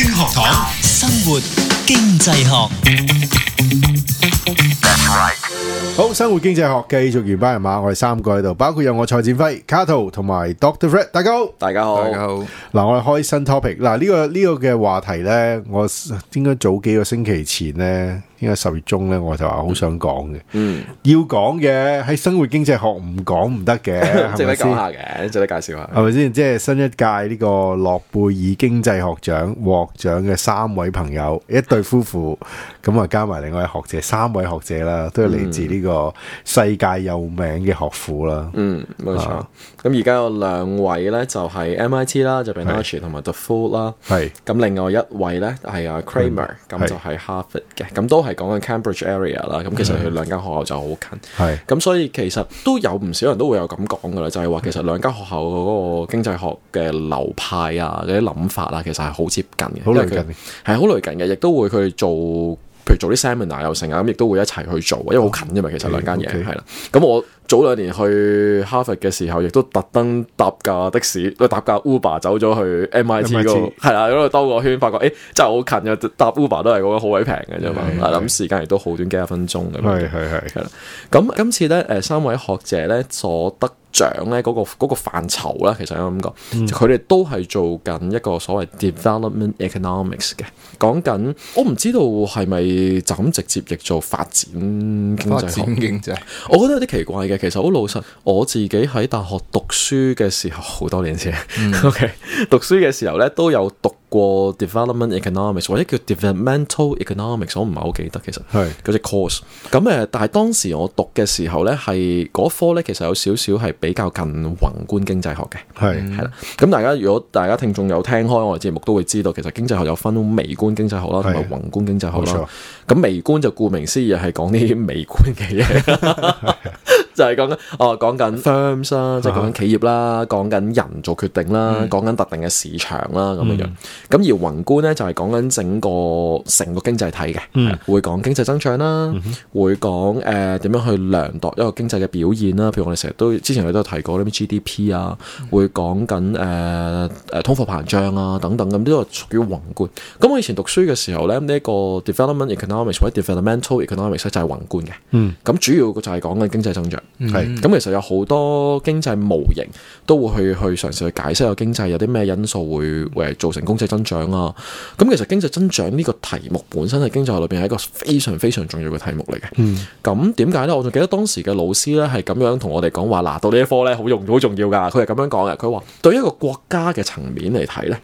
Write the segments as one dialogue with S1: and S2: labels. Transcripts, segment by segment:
S1: 精學堂，生活經濟學。好，生活經濟學繼續完班人馬，我哋三個喺度，包括有我蔡展輝、卡圖同埋 Doctor Fred，大家好，大家好，大家好。嗱，我哋開新 topic，嗱呢個呢個嘅話題咧，我應該早幾個星期前咧，應該十月中咧，我就話好想講嘅，嗯，要講嘅喺生活經濟學唔講唔得嘅，值得講下嘅，值得介紹下，係咪先？即係新一屆呢個諾貝爾經濟學獎獲獎嘅三位朋友，一對夫婦，咁啊加埋另外學者，三位學者啦，都係嚟。自呢個世界有名嘅學府啦，嗯，
S2: 冇錯。
S1: 咁而家有兩位咧，就係 MIT 啦，就 Banerjee 同埋 Duflo 啦，係。咁另外一位咧係阿 Kremer，咁就係 Harvard 嘅，咁都係講緊 Cambridge area 啦。咁其實佢兩間學校就好近，係。咁所以其實都有唔少人都會有咁講噶啦，就係話其實兩間學校嗰個經濟學嘅流派啊，嗰啲諗法啊，其實係好接近嘅，好類近嘅，係好類近嘅，亦都會去做。譬如做啲 seminar 又成啊，咁亦都會一齊去做，因為好近啫嘛，其實兩間嘢係啦。咁、oh, okay , okay. 我早兩年去哈佛嘅時候，亦都特登搭架的士，搭架 Uber 走咗去 MIT 嗰，係啦，喺度兜個圈，發覺誒真係好近嘅，搭 Uber 都係覺得好鬼平嘅啫嘛。咁 Yeah, yeah. 時間亦都好短，幾十分鐘咁。係係係係啦。咁 Yeah. 今次咧，誒三位學者咧坐得獎咧嗰個嗰、嗰個範疇啦，其實我諗過，佢哋、嗯、都係做緊一個所謂 development economics 嘅，講緊我唔知道係咪就咁直接譯做發展經濟學。發展我覺得有啲奇怪嘅。其實好老實，我自己喺大學讀書嘅時候好多年前，OK，、嗯、 讀書嘅時候咧都有讀過 development economics 或者叫 developmental economics，我唔係好記得其實係嗰隻 course。咁誒，但係當時我讀嘅時候咧，係嗰科咧其實有少少係比較近宏觀經濟學嘅係係啦，咁大家如果大家聽眾有聽開我哋節目，都會知道其實經濟學有分微觀經濟學啦，同埋的宏觀經濟學啦。咁錯微觀就顧名思義係講啲微觀嘅嘢。 就係講緊哦，講緊 firms 啦，即係講緊企業啦，講緊人做決定啦，講緊特定嘅市場啦咁樣樣。咁而宏觀咧就係講緊整個成個經濟體嘅，會講經濟增長啦，會講誒點樣去量度一個經濟嘅表現啦。譬如我哋成日都之前我都提過啲 GDP 啊，會講緊誒誒通貨膨脹啊等等咁，呢個屬於宏觀。咁我以前讀書嘅時候咧，呢一個 development economics 或者 developmental economics 就係宏觀嘅。嗯，咁主要就係講緊經濟增長。係，咁、嗯、其實有好多經濟模型都會去去嘗試去解釋個經濟有啲咩因素會誒造成經濟增長啊。咁其實經濟增長呢個題目本身係經濟學裏邊係一個非常非常重要嘅題目嚟嘅。咁點解咧？我仲記得當時嘅老師咧係咁樣同我哋講話，嗱，到呢一科咧好用好重要噶。佢係咁樣講嘅，佢話對一個國家嘅層面嚟睇咧。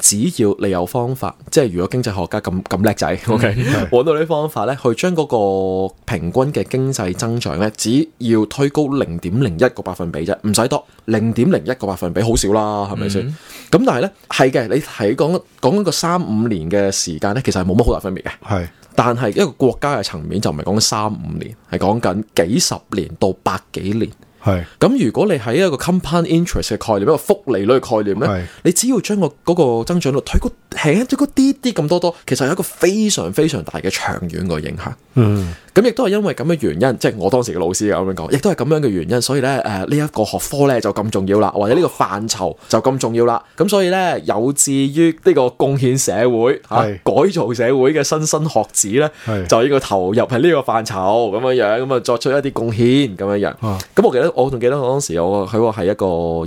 S1: 只要你有方法，即係如果經濟學家咁咁叻仔，OK，揾 到啲方法咧，去將嗰個平均嘅經濟增長咧，只要推高零點零一個百分比啫，唔使多，零點零一個百分比好少啦，係咪先？咁、mm hmm。但係咧，係嘅，你睇講，講講緊個三五年嘅時間咧，其實係冇乜好大分別嘅，係是。但係一個國家嘅層面就唔係講緊三五年，係講緊幾十年到百幾年。係，咁是如果你喺一個 compound interest 嘅概念，一個複利率嘅概念咧，是你只要將個個增長率推高，輕輕啲啲咁多多，其實係一個非常非常大嘅長遠嘅影響。嗯。咁亦都係因為咁嘅原因，即係我當時嘅老師啊咁樣講，亦都係咁樣嘅原因，所以咧誒呢一個學科咧就咁重要啦，或者呢個範疇就咁重要啦。咁所以咧有志於呢個貢獻社會吓、啊、是改造社會嘅新生學子咧，是就呢個投入喺呢個範疇咁樣樣，咁啊作出一啲貢獻咁樣樣。咁、啊、我記得我仲記得我當時我佢話係一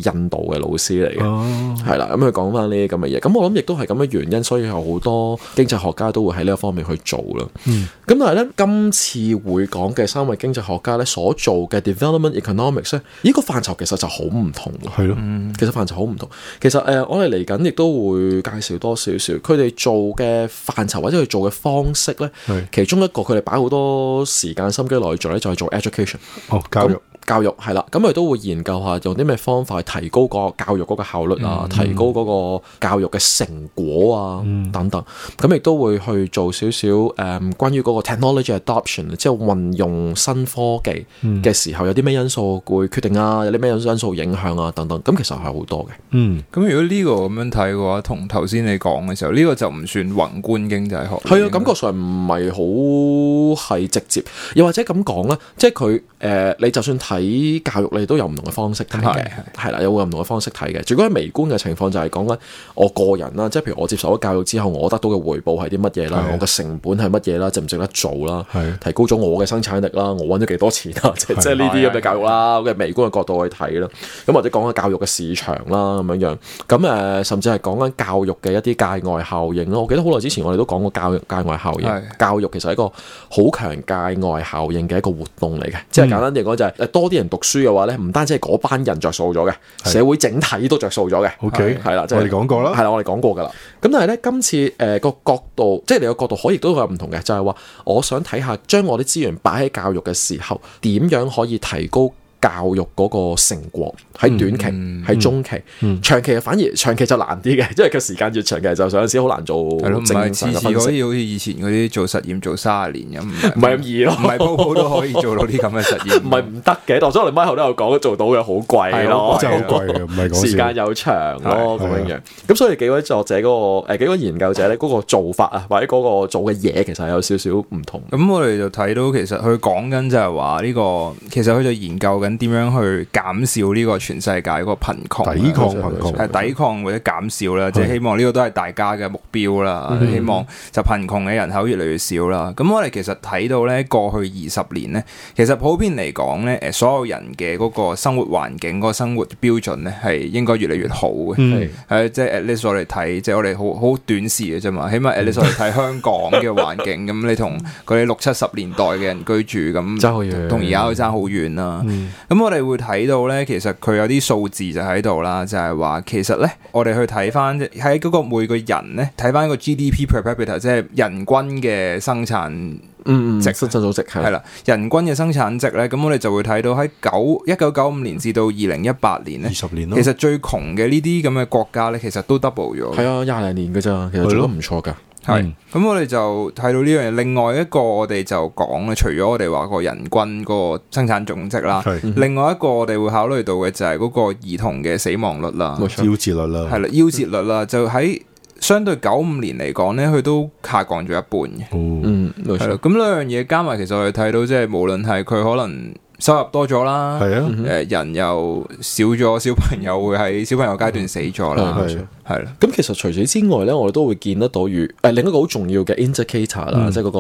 S1: 個印度嘅老師嚟嘅，係啦咁佢講翻呢啲咁嘅嘢。咁、嗯嗯嗯、我諗亦都係咁嘅原因，所以好多經濟學家都會喺呢一方面去做啦。嗯，咁但係咧今次。議會講嘅三位經濟學家咧，所做嘅 development economics 咧，呢個範疇其實就好唔同係咯，的其實範疇好唔同。其實誒、呃，我哋嚟緊亦都會介紹多少少，佢哋做嘅範疇或者佢做嘅方式咧，的其中一個佢哋擺好多時間心機內做，咧、就係，就係做 education，哦，教育。教育係啦，咁佢都會研究下用啲咩方法提高個教育嗰個效率啊，嗯、提高嗰個教育嘅成果啊、嗯、等等。咁亦都會去做少少誒，關於嗰個 technology adoption，即係運用新科技嘅時候，有啲咩因素
S2: 會決定啊？有啲咩因素影響啊？等等。咁其實係好多嘅。嗯，咁、嗯、如果呢個咁樣睇嘅話，同頭先你講嘅時候，呢、這個就唔算宏觀經濟學。係啊的，感覺上唔係好係直接。又或者咁講咧，即係佢誒，你就算。喺
S1: 教育你都有唔同嘅方式睇嘅，係啦，有唔同嘅方式睇嘅。如果喺微觀嘅情況就係講緊，我個人啦，即係譬如我接受咗教育之後，我得到嘅回報係啲乜嘢啦？我嘅成本係乜嘢啦？值唔值得做啦？提高咗我嘅生產力啦，我揾咗幾多錢啦？即係呢啲咁嘅教育啦，嘅微觀嘅角度去睇啦。咁或者講緊教育嘅市場啦，咁樣樣咁誒，甚至係講緊教育嘅一啲界外效應咯。我記得好耐之前我哋都講過教育界外效應，教育其實係一個好強界外效應嘅一個活動嚟嘅，即係簡單嚟講就係多啲人讀書嘅話咧，唔單止係嗰班人着數咗嘅，的社會整體都着數咗嘅。OK，係啦，我哋講過啦，係啦，我哋講過噶啦。咁但係咧，今次誒個、呃、角度，即係你個角度，可以都有唔同嘅，就係、是、話我想睇下將我啲資源擺喺教育嘅時候，點樣可以提高。教育嗰個成果喺、嗯、短期、喺、嗯、中期、嗯、長期，反而長期就難啲嘅，因為佢時間越長嘅就上陣時好難做。係咯，唔係次次可以
S2: 好似以前嗰啲做實驗做三
S1: 十年咁，唔係咁易咯，唔係鋪鋪都可以做到啲咁嘅實驗，唔係唔
S2: 得嘅。當初我哋 Michael 都
S1: 有講做到嘅好貴咯，真係好貴，唔係講時間又長咯咁樣樣。咁所以幾位作者嗰、嗰個誒、呃、幾位研究者咧嗰個做法啊，或者嗰個做嘅嘢其實有少少
S2: 唔同。咁我哋就睇到其實佢講緊就係話呢個其實佢就研究嘅。點樣去減少呢個全世界個貧窮？抵抗貧窮，係，係抵抗或者減少啦，即係希望呢個都係大家嘅目標啦。希望就貧窮嘅人口越嚟越少啦。咁我哋其實睇到咧，過去二十年咧，其實普遍嚟講咧，誒，所有人嘅嗰個生活環境，嗰個生活標準咧係應該越嚟越好嘅。係，即係 at least 我哋睇，即係我哋好好短視嘅啫嘛。起碼 at least 我哋睇香港嘅環境，咁你同佢六七十年代嘅人居住咁，爭好遠，同而家去爭好遠啦。咁我哋會睇到咧，其實佢有啲數字就喺度啦，就係話其實咧，我哋去睇翻喺嗰個每個人咧，睇翻個 GDP per capita 即係人均嘅生產嗯嗯，生產組織係啦，人均嘅生產值咧，咁我哋就會睇到喺九一九九五年至到二零一八年咧，二十年咯，其實最窮嘅呢啲咁嘅國家咧，其實都 double 咗，係
S1: 啊，廿零年噶咋，其實做得唔錯噶。係，
S2: 咁我哋就睇到呢樣嘢。另外一個，我哋就講咧，除咗我哋話個人均個生產總值啦，另外一個我哋會考慮到嘅就係嗰個兒童嘅死亡率啦，夭折率啦，係啦，夭折率啦，就喺相對九五年嚟講咧，佢都下降咗一半嘅。嗯，咁兩樣嘢加埋，其實我哋睇到即係無論係佢可能收入多咗啦，係啊，誒，人又少咗，小朋友會喺小朋友階段死咗啦。係啦，
S1: 咁其實除此之外咧，我哋都會見得到如誒另一個好重要嘅 indicator 啦，即係嗰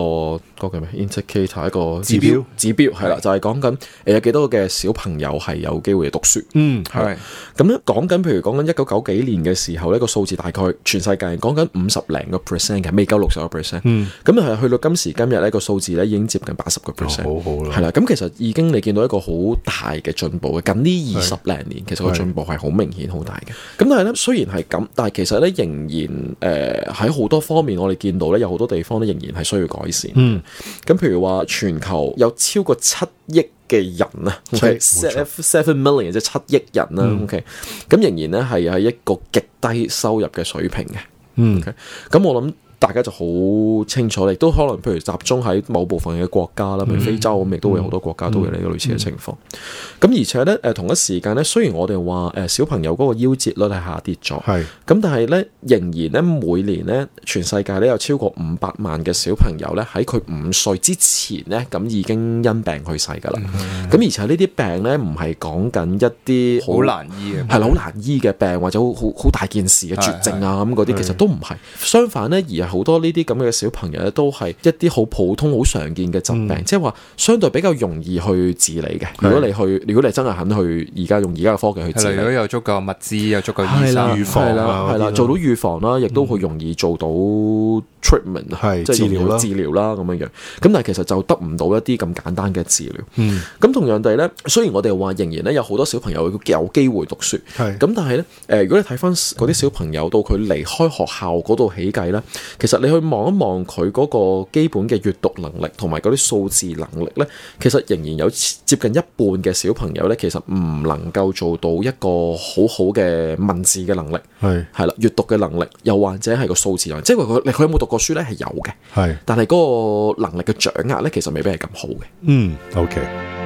S1: 個個叫咩？indicator 一個指標指標係啦，就係講緊誒有幾多嘅小朋友係有機會讀書，嗯，係咁咧講緊，譬如講緊一九九幾年嘅時候，呢個數字大概全世界講緊五十零個 percent 嘅，未夠六十個 percent，咁係去到今時今日呢個數字咧已經接近八十個 percent，好好啦，係啦，咁其實已經你見到一個好大嘅進步嘅，咁呢二十零年，其實個進步係好明顯好大嘅，咁但係咧雖然係咁。但係其實咧，仍然誒喺好多方面，我哋見到咧，有好多地方咧仍然係需要改善。嗯，咁譬如話，全球有超過七億嘅人啊，seven million 即係七億人啦。嗯、OK，咁仍然咧係喺一個極低收入嘅水平嘅。嗯，咁、okay? 我諗。大家就好清楚，亦都可能譬如集中喺某部分嘅國家啦，譬如非洲咁，亦都會有好多國家都會有呢個類似嘅情況。咁 而且咧，誒同一時間咧，雖然我哋話誒小朋友嗰個夭折率係下跌咗，係咁的，但係咧仍然咧每年咧全世界咧有超過五百萬嘅小朋友咧喺佢五歲之前咧咁已經因病去世㗎啦。咁而且呢啲病咧唔係講緊一啲好難醫嘅係好難醫嘅病或者好好大件事嘅絕症啊咁嗰啲，其實都唔係。相反咧而，而。好多呢啲咁嘅小朋友咧，都係一啲好普通、好常見嘅疾病，嗯、即係話相對比較容易去治理嘅。的如果你去，如果你真係肯去，而家用而家嘅科技去治理，如果
S2: 有足夠物資，有足夠醫生啦預防、啊，係啦，做到
S1: 預防啦，亦、嗯、都好容易做到。Treatment 係，即係治療啦，咁樣療樣。咁但係其實就得唔到一啲咁簡單嘅治療。咁、嗯、同樣地咧，雖然我哋話仍然咧有好多小朋友有機會讀書，咁是的 但係咧，誒、呃，如果你睇翻嗰啲小朋友到佢離開學校嗰度起計咧，其實你去望一望佢嗰個基本嘅閱讀能力同埋嗰啲數字能力咧，其實仍然有接近一半嘅小朋友咧，其實唔能夠做到一個好好嘅文字嘅能力，係係啦，閱讀嘅能力，又或者係個數字能力，的的即係佢佢有冇讀。個書咧係有嘅，係是，但係嗰個能力嘅掌握咧，其實未必係咁好嘅。嗯，OK。